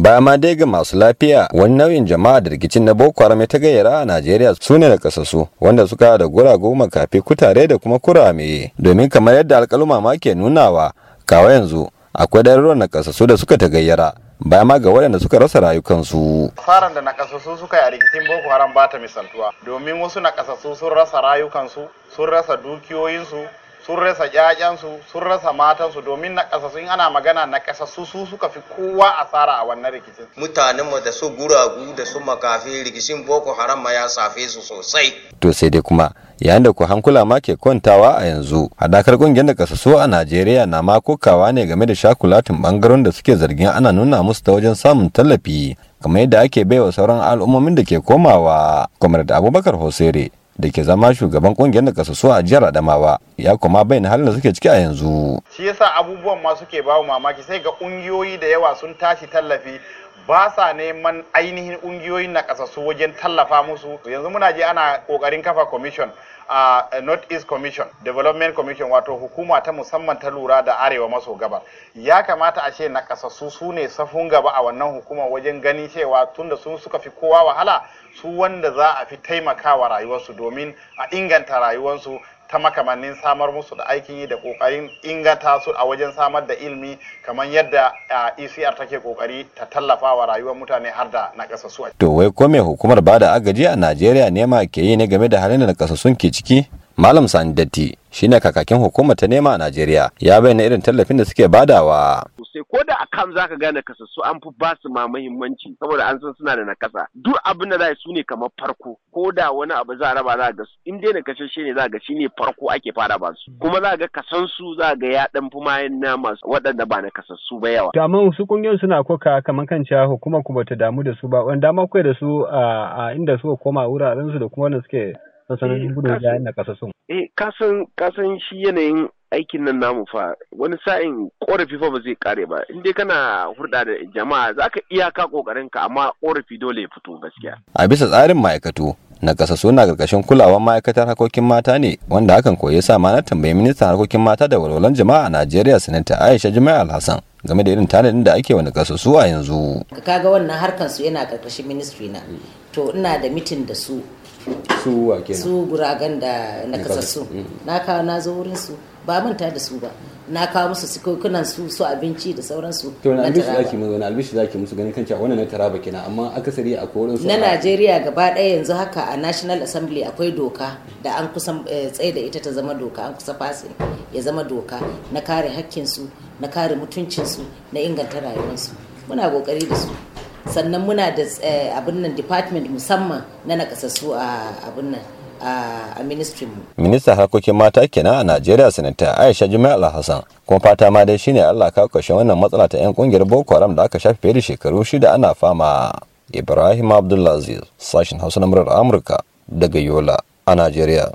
ba ma dai ga masu lafiya wani nau'in jama'a da rikicin na boko haram ta gayyara a najeriya su ne da kasasu wanda suka da gurago makafi kutare da kuma kurame domin kamar yadda alkaluma ma ke nunawa kawo yanzu akwai ɗaruruwan na kasasu da suka ta gayyara baya ma ga waɗanda suka rasa rayukansu. Asaran da nakasassu suka yi a rikicin Boko Haram ba ta misaltuwa domin wasu nakasassu sun rasa rayukansu, sun rasa dukiyoyinsu, sun rasa ƴaƴansu sun rasa matansu domin na ƙasa sun ana magana na ƙasa su su suka fi kowa asara a wannan rikicin mu da su guragu da su makafi rikicin boko haram ya safe su sosai to sai dai kuma yayin da ku hankula ma ke kwantawa a yanzu hadakar kungiyar da kasaso a najeriya na ma kokawa ne game da shakulatin bangaren da suke zargin ana nuna musu ta wajen samun tallafi kamar yadda ake baiwa sauran al'ummomin da ke komawa kwamar da abubakar hosere da ke zama shugaban kungiyar da a jihar Adamawa ya kuma bayyana halin da suke ciki a yanzu. Shi yasa abubuwan ma suke bawo mamaki sai ga kungiyoyi da yawa sun tashi tallafi ba sa neman ainihin ƙungiyoyin na ƙasassu wajen tallafa musu yanzu muna je ana ƙoƙarin kafa commission a north east commission development commission wato hukuma ta musamman ta lura da arewa maso gabar ya kamata a ce na ƙasassu su ne safun gaba a wannan hukuma wajen ganin cewa tunda sun suka fi kowa wahala su wanda za a fi taimakawa rayuwarsu domin a inganta rayuwarsu ta makamannin samar musu da aikin yi da kokarin ingata su a wajen samar da ilimi kamar yadda ECR take kokari ta tallafa wa rayuwar mutane har da nakasassu. To wai ko me hukumar bada agaji a Najeriya nema ke yi ne game da halin da nakasassun ke ciki? Malam Sani Datti ne kakakin hukumar ta nema a Najeriya ya bayyana irin tallafin da suke badawa. ko da kan zaka gane su an fi basu ma muhimmanci saboda an san suna da nakasa duk abin da za su ne kamar farko ko da wani abu za a raba za ga in dai na kashashe ne za ga shine farko ake fara ba su kuma za ga kasan su za ga ya dan fi mayan na masu waɗanda ba na su ba yawa to amma su kungiyar suna koka kamar kan cewa hukumar ku bata damu da su ba wanda ma da su a inda suka koma wuraren su da kuma wanda suke eh, gudun na eh kasan kasan shi yanayin aikin nan namu fa wani sa'in korafi fa ba zai kare ba in dai kana hurɗa da jama'a za ka iyaka kokarin ka amma korafi dole ya fito gaskiya a bisa tsarin ma'aikatu na kasa suna ƙarƙashin kulawar ma'aikatar harkokin mata ne wanda hakan koyi sa ma na tambayi ministan harkokin mata da walwalan jama'a a najeriya sanata aisha jima'a alhassan game da irin tanadin da ake wani kasa su a yanzu kaga wannan harkan su yana ƙarƙashin ministry na to ina da mitin da su su wa kenan su guragan da na su mm. na kawo na zo wurin su ba manta da su ba na kawo musu sikokunan su su abinci da sauransu to na albishi zaki mu na albishi zaki musu ganin kan wannan na taraba kenan amma akasari a koren su na Najeriya gaba ɗaya yanzu haka a National Assembly akwai doka da an kusan eh, tsaye da ita ta zama doka an kusa fasi ya zama doka na kare hakkin su na kare mutuncin su na inganta rayuwarsu muna kokari da su sannan muna da eh, abin nan department musamman na nakasassu a abin nan a ministry mu. Ministan harkokin mata kenan a Najeriya sanata Aisha Juma'a Alhassan kuma fata ma dai shine Allah ka kashe wannan matsala ta yan kungiyar Boko Haram da aka shafe fiye da shekaru shida ana fama. Ibrahim Abdulaziz sashin Hausa na murar Amurka daga Yola a Najeriya.